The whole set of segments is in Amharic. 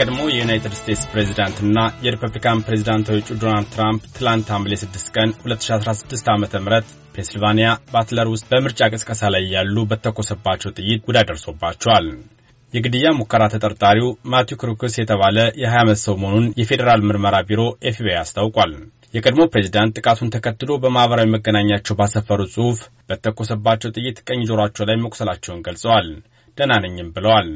የቀድሞ የዩናይትድ ስቴትስ ፕሬዚዳንትና የሪፐብሊካን ፕሬዚዳንታዊ እጩ ዶናልድ ትራምፕ ትላንት ሐምሌ 6 ቀን 2016 ዓ ም ፔንስልቫኒያ ባትለር ውስጥ በምርጫ ቅስቀሳ ላይ ያሉ በተኮሰባቸው ጥይት ጉዳት ደርሶባቸዋል። የግድያ ሙከራ ተጠርጣሪው ማቲው ክሩክስ የተባለ የ20 ዓመት ሰው መሆኑን የፌዴራል ምርመራ ቢሮ ኤፍቢአይ አስታውቋል። የቀድሞ ፕሬዚዳንት ጥቃቱን ተከትሎ በማኅበራዊ መገናኛቸው ባሰፈሩት ጽሑፍ በተኮሰባቸው ጥይት ቀኝ ጆሯቸው ላይ መቁሰላቸውን ገልጸዋል። ደህና ነኝም ብለዋል።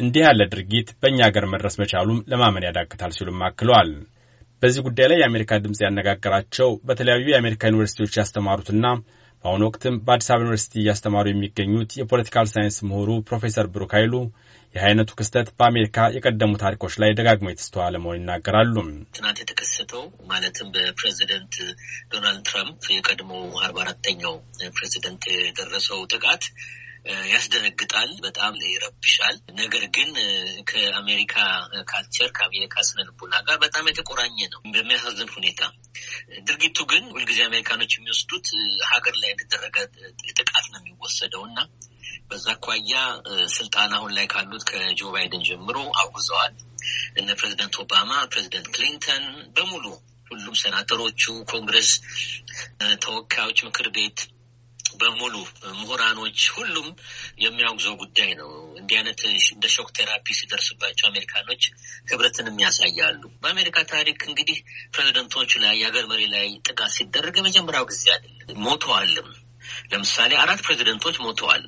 እንዲህ ያለ ድርጊት በእኛ አገር መድረስ መቻሉም ለማመን ያዳግታል ሲሉም አክለዋል። በዚህ ጉዳይ ላይ የአሜሪካ ድምፅ ያነጋገራቸው በተለያዩ የአሜሪካ ዩኒቨርሲቲዎች ያስተማሩትና በአሁኑ ወቅትም በአዲስ አበባ ዩኒቨርሲቲ እያስተማሩ የሚገኙት የፖለቲካል ሳይንስ ምሁሩ ፕሮፌሰር ብሩክ ኃይሉ ይህ አይነቱ ክስተት በአሜሪካ የቀደሙ ታሪኮች ላይ ደጋግሞ የተስተዋለ መሆን ይናገራሉ። ትናንት የተከሰተው ማለትም በፕሬዚደንት ዶናልድ ትራምፕ የቀድሞ አርባ አራተኛው ፕሬዚደንት የደረሰው ጥቃት ያስደነግጣል፣ በጣም ይረብሻል። ነገር ግን ከአሜሪካ ካልቸር ከአሜሪካ ስነ ልቦና ጋር በጣም የተቆራኘ ነው በሚያሳዝን ሁኔታ። ድርጊቱ ግን ሁልጊዜ አሜሪካኖች የሚወስዱት ሀገር ላይ የተደረገ ጥቃት ነው የሚወሰደው እና በዛ አኳያ ስልጣን አሁን ላይ ካሉት ከጆ ባይደን ጀምሮ አውግዘዋል። እነ ፕሬዚደንት ኦባማ፣ ፕሬዚደንት ክሊንተን በሙሉ ሁሉም ሴናተሮቹ፣ ኮንግረስ ተወካዮች ምክር ቤት በሙሉ ምሁራኖች፣ ሁሉም የሚያወግዘው ጉዳይ ነው። እንዲህ አይነት እንደ ሾክ ቴራፒ ሲደርስባቸው አሜሪካኖች ህብረትንም ያሳያሉ። በአሜሪካ ታሪክ እንግዲህ ፕሬዚደንቶች ላይ የሀገር መሪ ላይ ጥቃት ሲደረግ የመጀመሪያው ጊዜ አይደለም። ሞተዋልም። ለምሳሌ አራት ፕሬዚደንቶች ሞተዋል።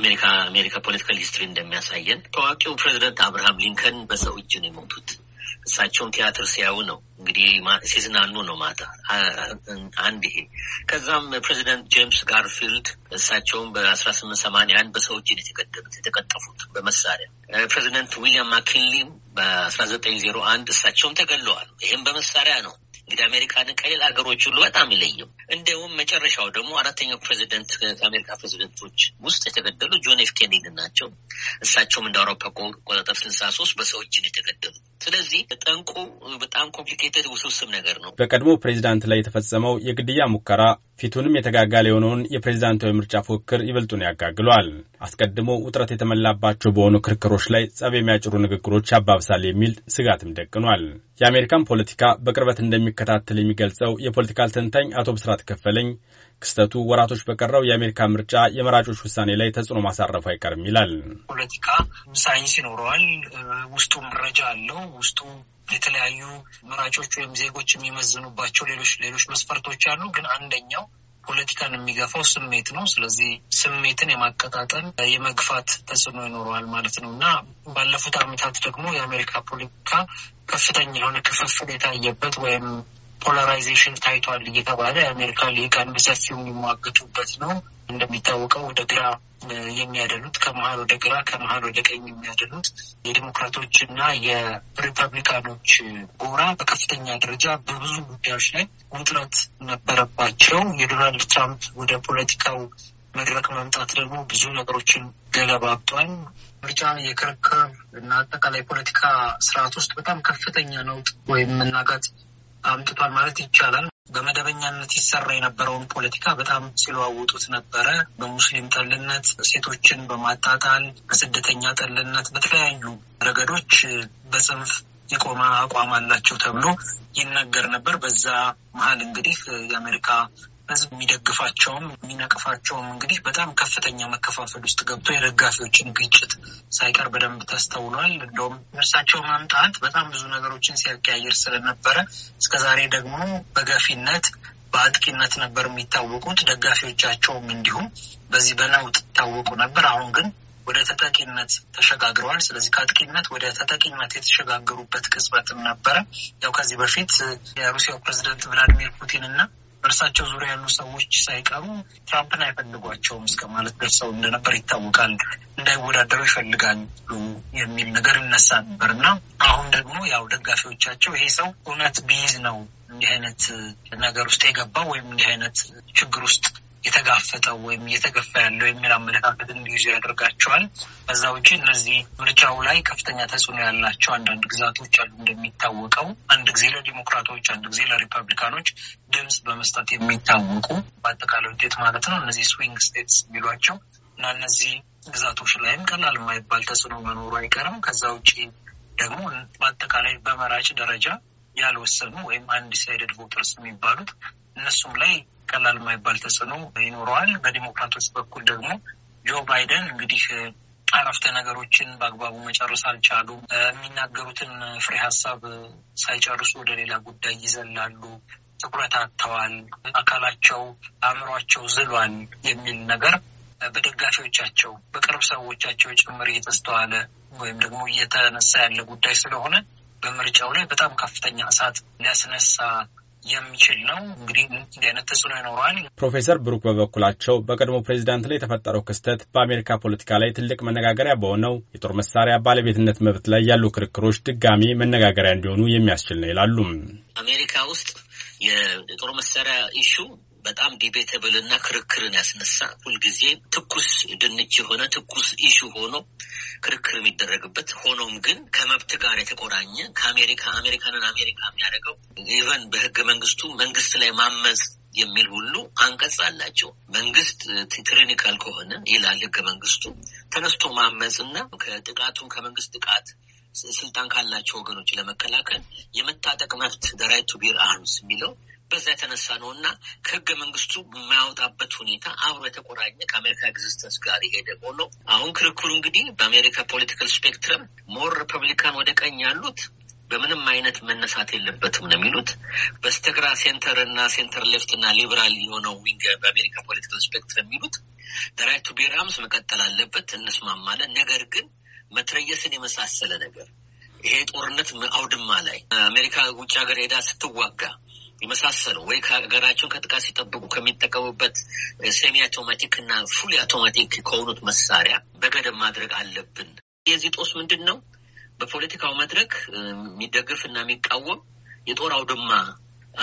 አሜሪካ አሜሪካ ፖለቲካል ሂስትሪ እንደሚያሳየን ታዋቂው ፕሬዚደንት አብርሃም ሊንከን በሰው እጅ ነው የሞቱት። እሳቸውም ቲያትር ሲያዩ ነው እንግዲህ ሲዝናኑ ነው ማታ አንድ ይሄ ከዛም ፕሬዚደንት ጄምስ ጋርፊልድ እሳቸውም በአስራ ስምንት ሰማንያ አንድ በሰዎች የተቀጠፉት በመሳሪያ ፕሬዚደንት ዊሊያም ማኪንሊም በአስራ ዘጠኝ ዜሮ አንድ እሳቸውም ተገለዋል። ይህም በመሳሪያ ነው። እንግዲህ አሜሪካንን ከሌላ ሀገሮች ሁሉ በጣም ይለየው። እንዲሁም መጨረሻው ደግሞ አራተኛው ፕሬዚደንት ከአሜሪካ ፕሬዚደንቶች ውስጥ የተገደሉ ጆን ኤፍ ኬኔዲ ናቸው። እሳቸውም እንደ አውሮፓ አቆጣጠር ስልሳ ሶስት በሰው ነው የተገደሉት። ስለዚህ ጠንቁ በጣም ኮምፕሊኬትድ ውስብስብ ነገር ነው። በቀድሞ ፕሬዚዳንት ላይ የተፈጸመው የግድያ ሙከራ ፊቱንም የተጋጋለ የሆነውን የፕሬዚዳንታዊ ምርጫ ፉክክር ይበልጡን ያጋግሏል። አስቀድሞ ውጥረት የተመላባቸው በሆኑ ክርክሮች ላይ ጸብ የሚያጭሩ ንግግሮች ያባብሳል የሚል ስጋትም ደቅኗል። የአሜሪካን ፖለቲካ በቅርበት እንደሚከታተል የሚገልጸው የፖለቲካል ተንታኝ አቶ ብስራት ከፈለኝ ክስተቱ ወራቶች በቀረው የአሜሪካ ምርጫ የመራጮች ውሳኔ ላይ ተጽዕኖ ማሳረፉ አይቀርም ይላል። ፖለቲካ ሳይንስ ይኖረዋል። ውስጡ መረጃ አለው። ውስጡ የተለያዩ መራጮች ወይም ዜጎች የሚመዝኑባቸው ሌሎች ሌሎች መስፈርቶች አሉ። ግን አንደኛው ፖለቲካን የሚገፋው ስሜት ነው። ስለዚህ ስሜትን የማቀጣጠል የመግፋት ተጽዕኖ ይኖረዋል ማለት ነው እና ባለፉት ዓመታት ደግሞ የአሜሪካ ፖለቲካ ከፍተኛ የሆነ ክፍፍል የታየበት ወይም ፖላራይዜሽን ታይቷል እየተባለ የአሜሪካ ሊቃን በሰፊው የሚሟገቱበት ነው። እንደሚታወቀው ወደ ግራ የሚያደሉት ከመሀል ወደ ግራ ከመሀል ወደ ቀኝ የሚያደሉት የዲሞክራቶች እና የሪፐብሊካኖች ጎራ በከፍተኛ ደረጃ በብዙ ጉዳዮች ላይ ውጥረት ነበረባቸው። የዶናልድ ትራምፕ ወደ ፖለቲካው መድረክ መምጣት ደግሞ ብዙ ነገሮችን ገለባብጧል። ምርጫ የክርክር እና አጠቃላይ ፖለቲካ ስርዓት ውስጥ በጣም ከፍተኛ ነውጥ ወይም መናጋት አምጥቷል ማለት ይቻላል። በመደበኛነት ይሰራ የነበረውን ፖለቲካ በጣም ሲለዋውጡት ነበረ። በሙስሊም ጠልነት፣ ሴቶችን በማጣጣል፣ በስደተኛ ጠልነት፣ በተለያዩ ረገዶች በጽንፍ የቆመ አቋም አላቸው ተብሎ ይነገር ነበር። በዛ መሀል እንግዲህ የአሜሪካ ህዝብ የሚደግፋቸውም የሚነቅፋቸውም እንግዲህ በጣም ከፍተኛ መከፋፈል ውስጥ ገብቶ የደጋፊዎችን ግጭት ሳይቀር በደንብ ተስተውሏል። እንደውም እርሳቸው መምጣት በጣም ብዙ ነገሮችን ሲያቀያይር ስለነበረ እስከዛሬ ደግሞ በገፊነት በአጥቂነት ነበር የሚታወቁት። ደጋፊዎቻቸውም እንዲሁም በዚህ በነውጥ ይታወቁ ነበር። አሁን ግን ወደ ተጠቂነት ተሸጋግረዋል። ስለዚህ ከአጥቂነት ወደ ተጠቂነት የተሸጋገሩበት ቅጽበትም ነበረ። ያው ከዚህ በፊት የሩሲያው ፕሬዚደንት ቭላዲሚር ፑቲን እና በእርሳቸው ዙሪያ ያሉ ሰዎች ሳይቀሩ ትራምፕን አይፈልጓቸውም እስከ ማለት ደርሰው እንደነበር ይታወቃል። እንዳይወዳደሩ ይፈልጋሉ የሚል ነገር ይነሳ ነበር እና አሁን ደግሞ ያው ደጋፊዎቻቸው ይሄ ሰው እውነት ቢይዝ ነው እንዲህ አይነት ነገር ውስጥ የገባው ወይም እንዲህ አይነት ችግር ውስጥ የተጋፈጠው ወይም እየተገፋ ያለው የሚል አመለካከት እንዲይዙ ያደርጋቸዋል። ከዛ ውጭ እነዚህ ምርጫው ላይ ከፍተኛ ተጽዕኖ ያላቸው አንዳንድ ግዛቶች አሉ። እንደሚታወቀው አንድ ጊዜ ለዲሞክራቶች፣ አንድ ጊዜ ለሪፐብሊካኖች ድምፅ በመስጠት የሚታወቁ በአጠቃላይ ውጤት ማለት ነው እነዚህ ስዊንግ ስቴትስ የሚሏቸው እና እነዚህ ግዛቶች ላይም ቀላል የማይባል ተጽዕኖ መኖሩ አይቀርም። ከዛ ውጭ ደግሞ በአጠቃላይ በመራጭ ደረጃ ያልወሰኑ ወይም አንዲሳይደድ ቮተርስ የሚባሉት እነሱም ላይ ቀላል የማይባል ተጽዕኖ ይኖረዋል። በዲሞክራቶች በኩል ደግሞ ጆ ባይደን እንግዲህ አረፍተ ነገሮችን በአግባቡ መጨረስ አልቻሉም። የሚናገሩትን ፍሬ ሀሳብ ሳይጨርሱ ወደ ሌላ ጉዳይ ይዘላሉ። ትኩረት አጥተዋል፣ አካላቸው አእምሯቸው ዝሏል የሚል ነገር በደጋፊዎቻቸው በቅርብ ሰዎቻቸው ጭምር እየተስተዋለ ወይም ደግሞ እየተነሳ ያለ ጉዳይ ስለሆነ በምርጫው ላይ በጣም ከፍተኛ እሳት ሊያስነሳ የሚችል ነው። እንግዲህ እንዲህ አይነት ተጽዕኖ ይኖረዋል። ፕሮፌሰር ብሩክ በበኩላቸው በቀድሞ ፕሬዚዳንት ላይ የተፈጠረው ክስተት በአሜሪካ ፖለቲካ ላይ ትልቅ መነጋገሪያ በሆነው የጦር መሳሪያ ባለቤትነት መብት ላይ ያሉ ክርክሮች ድጋሚ መነጋገሪያ እንዲሆኑ የሚያስችል ነው ይላሉም። አሜሪካ ውስጥ የጦር መሳሪያ ኢሹ በጣም ዲቤተብል እና ክርክርን ያስነሳ ሁልጊዜ ትኩስ ድንች የሆነ ትኩስ ኢሹ ሆኖ ክርክር የሚደረግበት ሆኖም ግን ከመብት ጋር የተቆራኘ ከአሜሪካ አሜሪካንን አሜሪካ የሚያደርገው ኢቨን በህገ መንግስቱ መንግስት ላይ ማመፅ የሚል ሁሉ አንቀጽ አላቸው። መንግስት ትሪኒካል ከሆነ ይላል ህገ መንግስቱ ተነስቶ ማመፅ እና ከጥቃቱም ከመንግስት ጥቃት ስልጣን ካላቸው ወገኖች ለመከላከል የመታጠቅ መብት ደራይቱ ቢር አርምስ የሚለው በዛ የተነሳ ነው እና ከህገ መንግስቱ የማያወጣበት ሁኔታ አብሮ የተቆራኘ ከአሜሪካ ኤግዚስተንስ ጋር የሄደ ሆኖ አሁን ክርክሩ እንግዲህ በአሜሪካ ፖለቲካል ስፔክትረም ሞር ሪፐብሊካን ወደ ቀኝ ያሉት በምንም አይነት መነሳት የለበትም ነው የሚሉት። በስተግራ ሴንተር እና ሴንተር ሌፍት እና ሊበራል የሆነው ዊንግ በአሜሪካ ፖለቲካል ስፔክትረም የሚሉት ራይት ቱ ቤር አርምስ መቀጠል አለበት፣ እንስማማለን። ነገር ግን መትረየስን የመሳሰለ ነገር ይሄ ጦርነት አውድማ ላይ አሜሪካ ውጭ ሀገር ሄዳ ስትዋጋ የመሳሰሉ ወይ ከሀገራቸው ከጥቃት ሲጠብቁ ከሚጠቀሙበት ሴሚ አውቶማቲክ እና ፉል አውቶማቲክ ከሆኑት መሳሪያ በገደብ ማድረግ አለብን። የዚህ ጦስ ምንድን ነው? በፖለቲካው መድረክ የሚደግፍ እና የሚቃወም የጦር አውድማ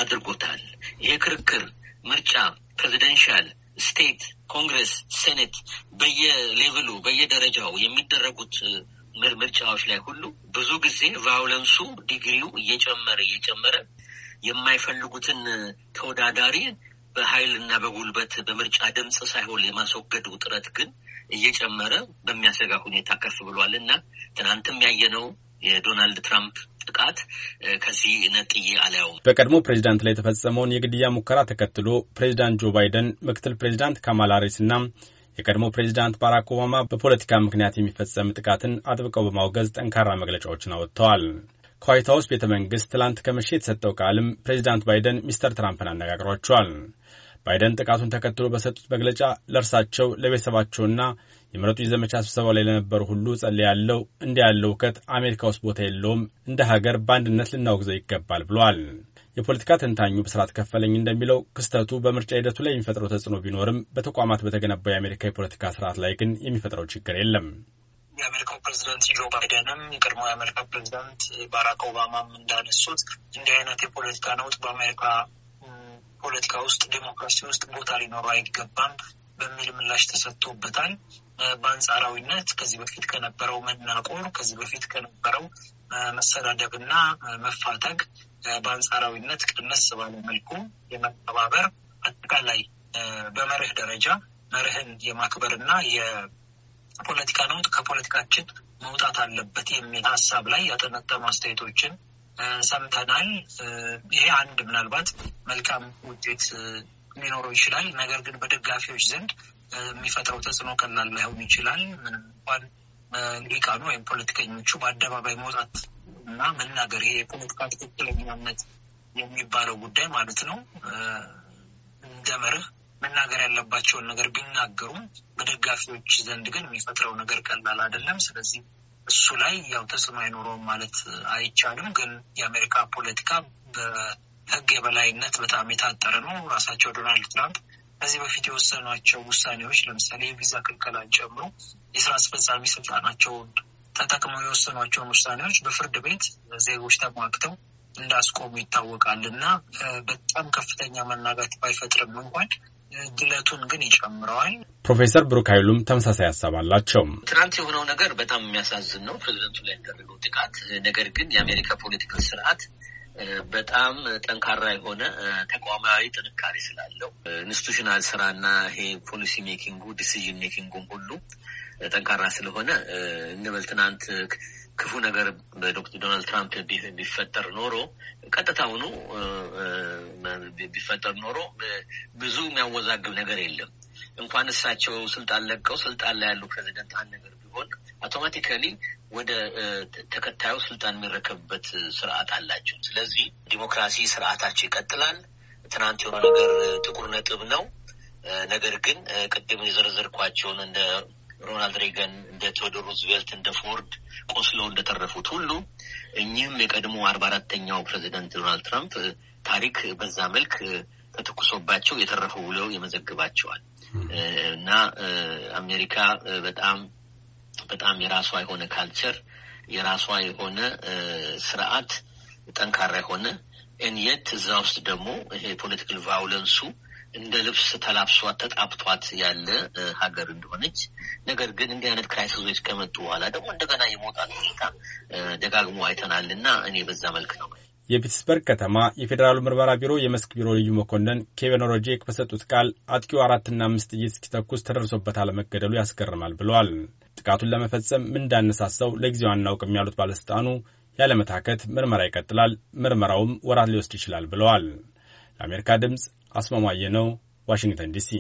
አድርጎታል። ይሄ ክርክር ምርጫ፣ ፕሬዚደንሻል፣ ስቴት፣ ኮንግረስ፣ ሴኔት በየሌቭሉ በየደረጃው የሚደረጉት ምርጫዎች ላይ ሁሉ ብዙ ጊዜ ቫዮለንሱ ዲግሪው እየጨመረ እየጨመረ የማይፈልጉትን ተወዳዳሪ በኃይል እና በጉልበት በምርጫ ድምፅ ሳይሆን የማስወገድ ውጥረት ግን እየጨመረ በሚያሰጋ ሁኔታ ከፍ ብሏል እና ትናንትም ያየነው የዶናልድ ትራምፕ ጥቃት ከዚህ ነጥዬ አላየውም። በቀድሞ ፕሬዚዳንት ላይ የተፈጸመውን የግድያ ሙከራ ተከትሎ ፕሬዚዳንት ጆ ባይደን፣ ምክትል ፕሬዚዳንት ካማላ ሃሪስ እና የቀድሞ ፕሬዚዳንት ባራክ ኦባማ በፖለቲካ ምክንያት የሚፈጸም ጥቃትን አጥብቀው በማውገዝ ጠንካራ መግለጫዎችን አወጥተዋል። ከዋይት ሀውስ ቤተ መንግስት ትላንት ከምሽት የተሰጠው ቃልም ፕሬዚዳንት ባይደን ሚስተር ትራምፕን አነጋግሯቸዋል። ባይደን ጥቃቱን ተከትሎ በሰጡት መግለጫ ለእርሳቸው ለቤተሰባቸውና የምረጡ የዘመቻ ስብሰባው ላይ ለነበሩ ሁሉ ጸልያለሁ። እንዲህ ያለው እውከት አሜሪካ ውስጥ ቦታ የለውም። እንደ ሀገር በአንድነት ልናወግዘው ይገባል ብሏል። የፖለቲካ ተንታኙ ብስራት ከፈለኝ እንደሚለው ክስተቱ በምርጫ ሂደቱ ላይ የሚፈጥረው ተጽዕኖ ቢኖርም በተቋማት በተገነባው የአሜሪካ የፖለቲካ ስርዓት ላይ ግን የሚፈጥረው ችግር የለም። የአሜሪካው ፕሬዚደንት ጆ ባይደንም የቀድሞ የአሜሪካ ፕሬዚደንት ባራክ ኦባማም እንዳነሱት እንዲህ አይነት የፖለቲካ ነውጥ በአሜሪካ ፖለቲካ ውስጥ ዴሞክራሲ ውስጥ ቦታ ሊኖረው አይገባም በሚል ምላሽ ተሰጥቶበታል። በአንጻራዊነት ከዚህ በፊት ከነበረው መናቆር፣ ከዚህ በፊት ከነበረው መሰዳደብ መፋተግ በአንጻራዊነት ቀነስ ባለ መልኩ የመተባበር አጠቃላይ በመርህ ደረጃ መርህን የማክበርና የፖለቲካ ነውጥ ከፖለቲካችን መውጣት አለበት የሚል ሀሳብ ላይ ያጠነጠኑ አስተያየቶችን ሰምተናል። ይሄ አንድ ምናልባት መልካም ውጤት ሊኖረው ይችላል። ነገር ግን በደጋፊዎች ዘንድ የሚፈጥረው ተጽዕኖ ቀላል ላይሆን ይችላል። ምንም እንኳን ሊቃኑ ወይም ፖለቲከኞቹ በአደባባይ መውጣት እና መናገር ይሄ የፖለቲካ ትክክለኛነት የሚባለው ጉዳይ ማለት ነው እንደ መርህ መናገር ያለባቸውን ነገር ቢናገሩም በደጋፊዎች ዘንድ ግን የሚፈጥረው ነገር ቀላል አይደለም። ስለዚህ እሱ ላይ ያው ተጽዕኖ አይኖረውም ማለት አይቻልም። ግን የአሜሪካ ፖለቲካ በህግ የበላይነት በጣም የታጠረ ነው። ራሳቸው ዶናልድ ትራምፕ ከዚህ በፊት የወሰኗቸው ውሳኔዎች ለምሳሌ የቪዛ ክልከላን ጨምሮ የስራ አስፈጻሚ ስልጣናቸውን ተጠቅመው የወሰኗቸውን ውሳኔዎች በፍርድ ቤት ዜጎች ተሟግተው እንዳስቆሙ ይታወቃል እና በጣም ከፍተኛ መናጋት ባይፈጥርም እንኳን ግለቱን ግን ይጨምረዋል። ፕሮፌሰር ብሩክ ኃይሉም ተመሳሳይ ሀሳብ አላቸው። ትናንት የሆነው ነገር በጣም የሚያሳዝን ነው፣ ፕሬዚደንቱ ላይ ያደረገው ጥቃት። ነገር ግን የአሜሪካ ፖለቲካል ስርዓት በጣም ጠንካራ የሆነ ተቋማዊ ጥንካሬ ስላለው ኢንስቲቱሽናል ስራና ይሄ ፖሊሲ ሜኪንጉ ዲሲዥን ሜኪንጉም ሁሉ ጠንካራ ስለሆነ እንበል ትናንት ክፉ ነገር በዶክተር ዶናልድ ትራምፕ ቢፈጠር ኖሮ ቀጥታውኑ ቢፈጠር ኖሮ ብዙ የሚያወዛግብ ነገር የለም። እንኳን እሳቸው ስልጣን ለቀው ስልጣን ላይ ያሉ ፕሬዚደንት አንድ ነገር ቢሆን አውቶማቲካሊ ወደ ተከታዩ ስልጣን የሚረከብበት ስርዓት አላቸው። ስለዚህ ዲሞክራሲ ስርዓታቸው ይቀጥላል። ትናንት የሆነ ነገር ጥቁር ነጥብ ነው። ነገር ግን ቅድም የዘረዘርኳቸውን እንደ ሮናልድ ሬገን፣ እንደ ቴዎዶር ሩዝቬልት፣ እንደ ፎርድ ቆስሎ እንደተረፉት ሁሉ እኚህም የቀድሞ አርባ አራተኛው ፕሬዚደንት ዶናልድ ትራምፕ ታሪክ በዛ መልክ ተተኩሶባቸው የተረፉ ብለው የመዘግባቸዋል እና አሜሪካ በጣም በጣም የራሷ የሆነ ካልቸር የራሷ የሆነ ስርዓት ጠንካራ የሆነ እንየት እዛ ውስጥ ደግሞ ይሄ ፖለቲካል ቫውለንሱ እንደ ልብስ ተላብሷት ተጣብቷት ያለ ሀገር እንደሆነች፣ ነገር ግን እንዲህ አይነት ክራይሲሶች ከመጡ በኋላ ደግሞ እንደገና የመውጣት ሁኔታ ደጋግሞ አይተናል እና እኔ በዛ መልክ ነው። የፒትስበርግ ከተማ የፌዴራሉ ምርመራ ቢሮ የመስክ ቢሮ ልዩ መኮንን ኬቨን ሮጄክ በሰጡት ቃል አጥቂው አራትና አምስት ጥይት እስኪተኩስ ተደርሶበት አለመገደሉ ያስገርማል ብለዋል። ጥቃቱን ለመፈጸም ምን እንዳነሳሳው ለጊዜው አናውቅም ያሉት ባለስልጣኑ ያለመታከት ምርመራ ይቀጥላል። ምርመራውም ወራት ሊወስድ ይችላል ብለዋል። ለአሜሪካ ድምፅ አስማማየ ነው፣ ዋሽንግተን ዲሲ